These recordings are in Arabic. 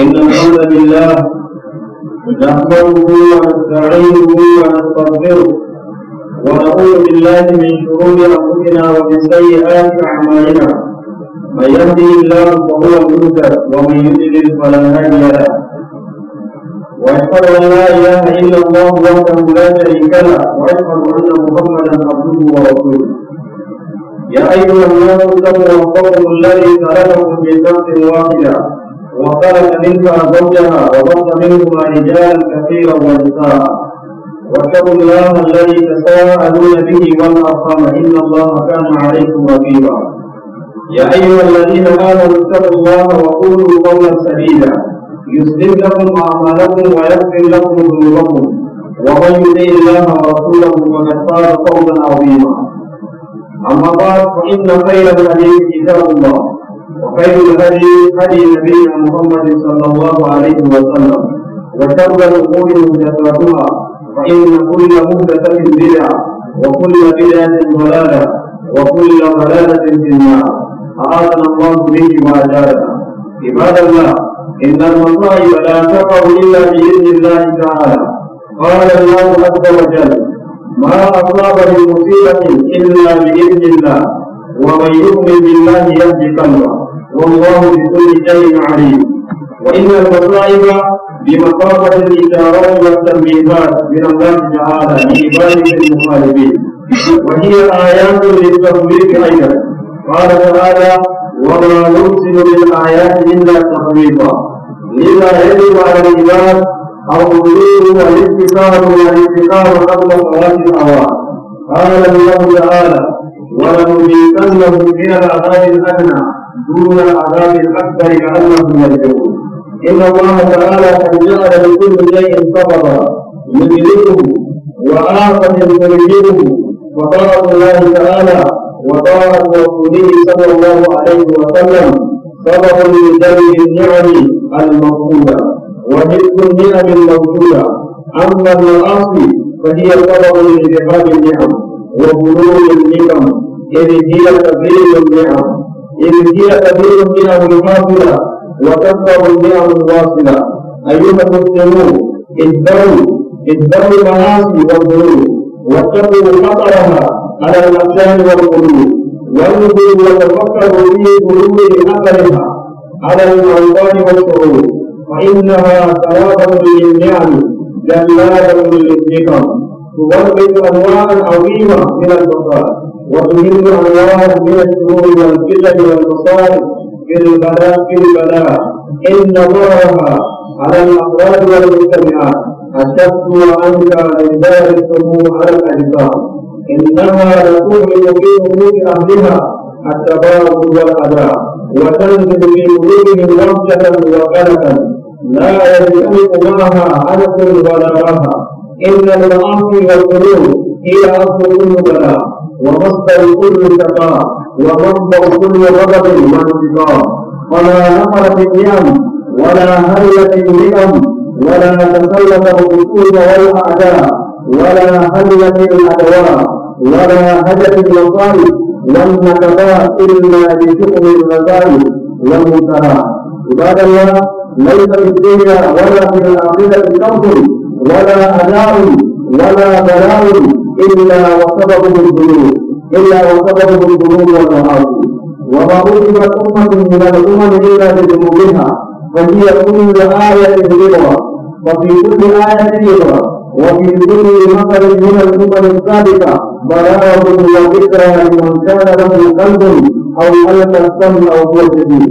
إن الحمد لله نحمده ونستعينه ونستغفره ونعوذ بالله من شرور أنفسنا ومن سيئات أعمالنا من يهده الله فهو المهتد ومن يضلل فلا هادي له وأشهد أن لا إله إلا الله وحده لا شريك له وأشهد أن محمدا عبده ورسوله يا أيها الناس اتقوا ربكم الذي خلقكم من نفس واحدة وخلق منها زوجها وبث منهما رجالا كثيرا ونساء واتقوا الله الذي تساءلون به والارحام ان الله كان عليكم رقيبا يا ايها الذين امنوا اتقوا الله وقولوا قولا سديدا يصلح لكم اعمالكم ويغفر لكم ذنوبكم ومن يطع الله ورسوله فقد فاز فوزا عظيما اما بعد فان خير الحديث كتاب الله وخير الهدي هدي نبينا محمد صلى الله عليه وسلم وشر الامور محدثاتها فان كل محدثه بدعه وكل بدعه ضلاله وكل ضلاله في النار اعاذنا الله به واجارنا عباد الله ان المصائب لا تقع الا باذن الله تعالى قال الله عز وجل ما اصاب من مصيبه الا باذن الله ومن يؤمن بالله يهدي قلبه والله بكل شيء عليم وإن المصائب بمثابة الإشارات والتنبيهات من الله تعالى لعباده المخالفين وهي آيات للتخويف أيضا قال تعالى وما نرسل بالآيات إلا تخويفا لذا يجب على العباد الرجوع والاستثار والاتصال قبل صلاة الأوان قال الله تعالى ولنذيقنهم من العذاب الأدنى دون العذاب الاكبر كانهم يرجعون ان الله تعالى قد جعل لكل شيء سببا يدركه وآفة تريده وطاعة الله تعالى وطاعة رسوله صلى الله عليه وسلم سبب لجلب النعم المفقودة وجلب النعم الموجودة أما المعاصي فهي سبب لانتقام النعم وبلوغ النعم إذ هي تبليغ النعم يبدين كثير منهم الباطل وكثر منهم الواصل أيها المسلمون اتبعوا اتبعوا المعاصي والذنوب واتقوا خطرها على الأبدان والقلوب وانظروا وتفكروا في قلوب أثرها على الأوطان والشعوب فإنها ثواب للنعم جلال للذكر تورث أموالا عظيمة من البقاء وتهم الله من السرور والفتن والمصائب بالبلاء بالبلاء إن الله على الأفراد والمجتمعات أشد وأنكى لله السموم على الأجسام إنما تكون في قلوب أهلها التبارك والأداء وتنزل في قلوبهم وحشة وقلقا لا يجتمع معها عدد ولا رهى إن المعاصي والقلوب هي أصل كل بلاء ومصدر كل شقاء ومنبع كل غضب وانتقام فلا نفر في النعم ولا هلت النعم ولا تسلط الرسول والاعداء ولا هلت الادواء ولا الوصال المصائب والنكباء الا بشؤم المصائب والمنتهى عباد الله ليس في الدنيا ولا في الاخره كوكب ولا اداء ولا بلاء إلا وسببه الذنوب إلا وسببه الذنوب والمعاصي وما ظلمت أمة من الأمم إلا بذنوبها فهي كل آية ذكرى وفي كل آية ذكرى وفي كل مثل من الأمم السابقة بلاغة وذكرى لمن كان له قلب أو ألقى السمع أو هو شديد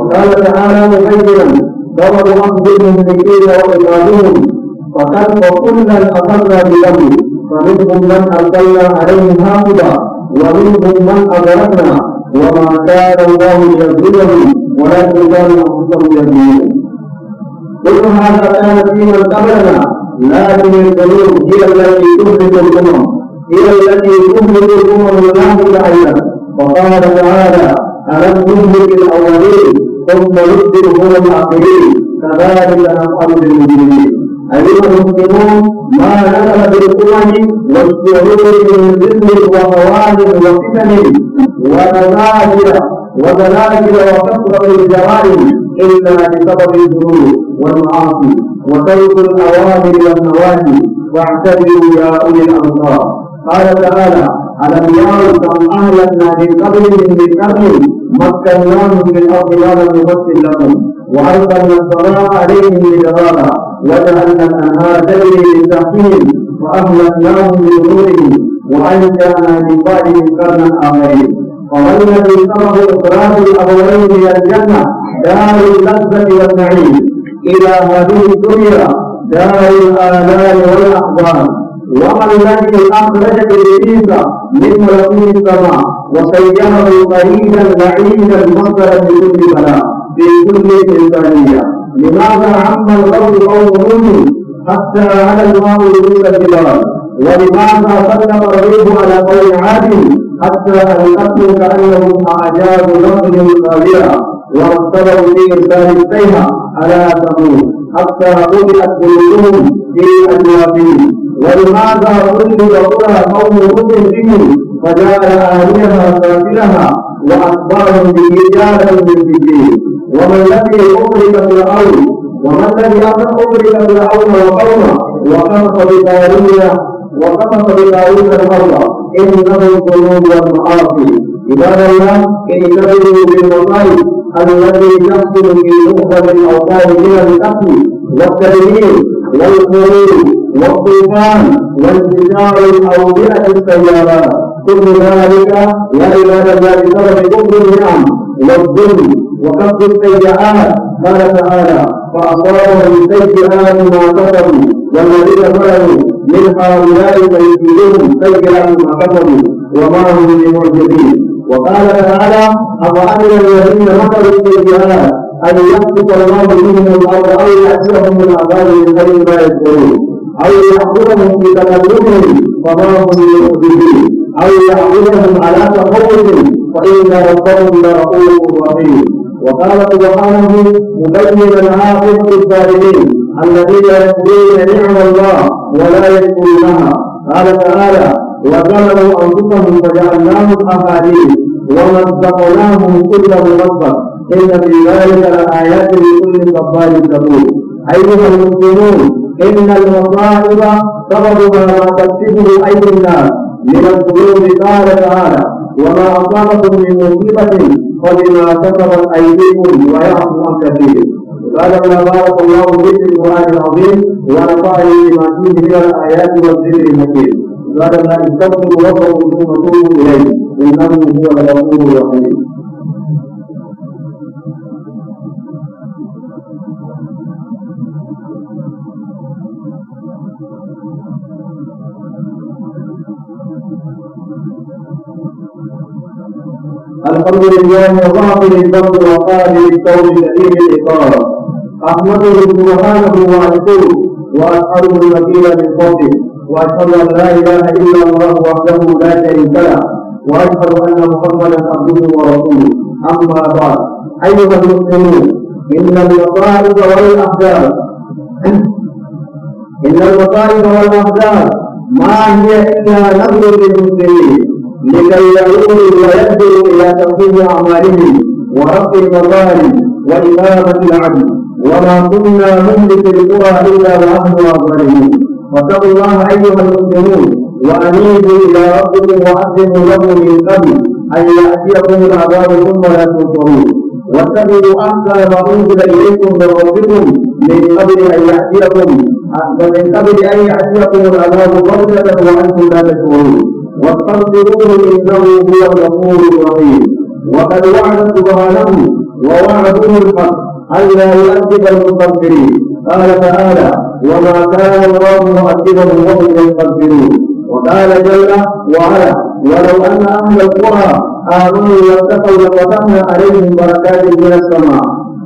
وقال تعالى محيرا ضرب أنفسهم من كيل وإبراهيم فقد وكلا أخذنا بذنبه فمنهم من أرسلنا عليهم حافظا ومنهم من أدركنا وما كان الله ليظلمهم ولكن كانوا أنفسهم يظلمون كل هذا كان فيما قبلنا لكن الذنوب هي التي تهلك الأمم هي التي تهلك الأمم ونحن العيان وقال تعالى ألم تهلك الأولين ثم يهلك هم الآخرين كذلك نفعل بالمجرمين علم المسلمون ما نزل بالقوة والسرور من ذل وموالد وفتن ومزاجر وزلاجل وكثرة الجرائم إلا بسبب الذنوب والمعاصي وترك الأوامر والنواهي واعتبروا يا أولي الأبصار قال تعالى ألم يروا كم أهلكنا من قبلهم من قبل مكناهم في الأرض ولم نمثل لهم وألقينا الصلاة عليهم مدرارا وجعلنا الأنهار تجري من تحتهم فأهلكناهم بذنوبهم وأنشأنا من بعدهم قرنا آخرين ومن الذي ترك إخراج الأبوين إلى الجنة دار اللذة والنعيم إلى هذه الدنيا دار الآلام والأحضان ومن الذي اخرج الرزق من رسول السماء وسيره قريبا بعيدا مصدرا لكل بلاء في كل انسانيه لماذا عم القول قوم حتى على الماء رؤوس الجبال ولماذا سلم الريح على قول عاد حتى القتل كانهم اعجاز نقل قابله وارتبوا في انسان السيف على تموت حتى وضعت قلوبهم في اجوابهم ولماذا كل لها قوم مسلمين فجعل اهلها سافلها واخبرهم برجالا من جبريل وما الذي اغرق فرعون وما الذي اغرق فرعون وقومه وقصف بقارون وقصف بقارون الارض إنه ظلوم والمعاصي عباد الله انتبهوا بالمصائب الذي تحصل في نقطه الاوطان من القتل والتدمير والقرور والطوفان وانفجار الاوبئه السيارات كل ذلك لا عباد الله بسبب كل النعم والظلم وكف السيئات قال تعالى فاصابهم سيئات ما كفروا والذين فعلوا من هؤلاء سيجزيهم سيئات ما كفروا وما هم بمعجزين وقال تعالى أفعمل الذين مكروا السيئات أن يسقط الله بهم الأرض أو يأتيهم من عذاب غير ما يذكرون أو يأخذهم في تكلمهم وما هم بمؤذيه أو يأخذهم على تقولهم فإن ربهم لرؤوف رحيم وقال سبحانه مبينا عاقبة الظالمين الذين يكفرون نعم الله ولا يكفرونها قال تعالى وجعلوا أنفسهم فجعلناهم أحاديث ومزقناهم كل مربى إن في ذلك لآيات لكل صبار شكور أيها المسلمون إن المصائب سبب ما تكسبه أيدي الناس من القلوب قال تعالى وما أصابكم من مصيبة فبما كسبت أيديكم ويعفو عن كثير فلما بارك الله في القرآن العظيم ونفعني بما فيه من الآيات والذكر الحكيم فلما استغفروا ربكم ثم توبوا إليه إنه هو الغفور الرحيم الحمد لله رب الفضل وقال للكون كريم الاقامه احمده سبحانه واشكره واساله الوكيل من فضله واشهد ان لا اله الا الله وحده لا شريك له واشهد ان محمدا عبده ورسوله اما بعد ايها المسلمون ان المصائب والاحزاب ان المصائب والاحزاب ما هي الا نذر للمسلمين لكي يعودوا ويبدوا إلى تنفيذ أعمالهم ورفع المظالم وإمامة العدل وما كنا نملك القرى إلا ونحن ظالمون فاتقوا الله أيها المسلمون وأنيبوا إلى ربكم وأسلموا له من قبل أن يأتيكم العذاب ثم لا تنصرون واتبعوا أحسن ما أنزل إليكم من ربكم من قبل أن يأتيكم ومن قبل أن يأتيكم العذاب غفلة وأنتم لا تشعرون واستغفروه انه هو الغفور الرحيم وقد وعد سبحانه ووعده الحق الا يؤدب المستغفرين قال تعالى وما كان الله مؤدبهم وهم يستغفرون وقال جل وعلا ولو ان اهل القرى امنوا واتقوا لفتحنا عليهم بركات من السماء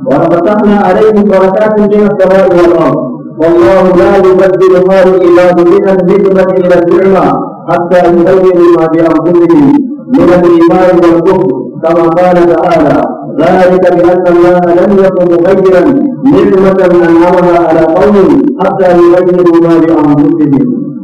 ولفتحنا عليهم بركات من السماء والارض والله لا يبدل قول الا من النعمة إلى النعمة حتى يبين ما بأنفسهم من الإيمان والكفر كما قال تعالى ذلك بأن الله لم يكن مغيرا نعمة أنعمها على قوم حتى يبينوا ما بأنفسهم